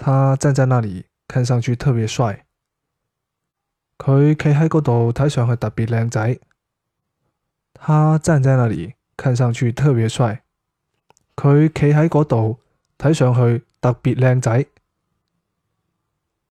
他站在那裏，看上去特別帥。佢企喺嗰度，睇上去特別靚仔。他站在那裏，看上去特別帥。佢企喺嗰度，睇上去特別靚仔。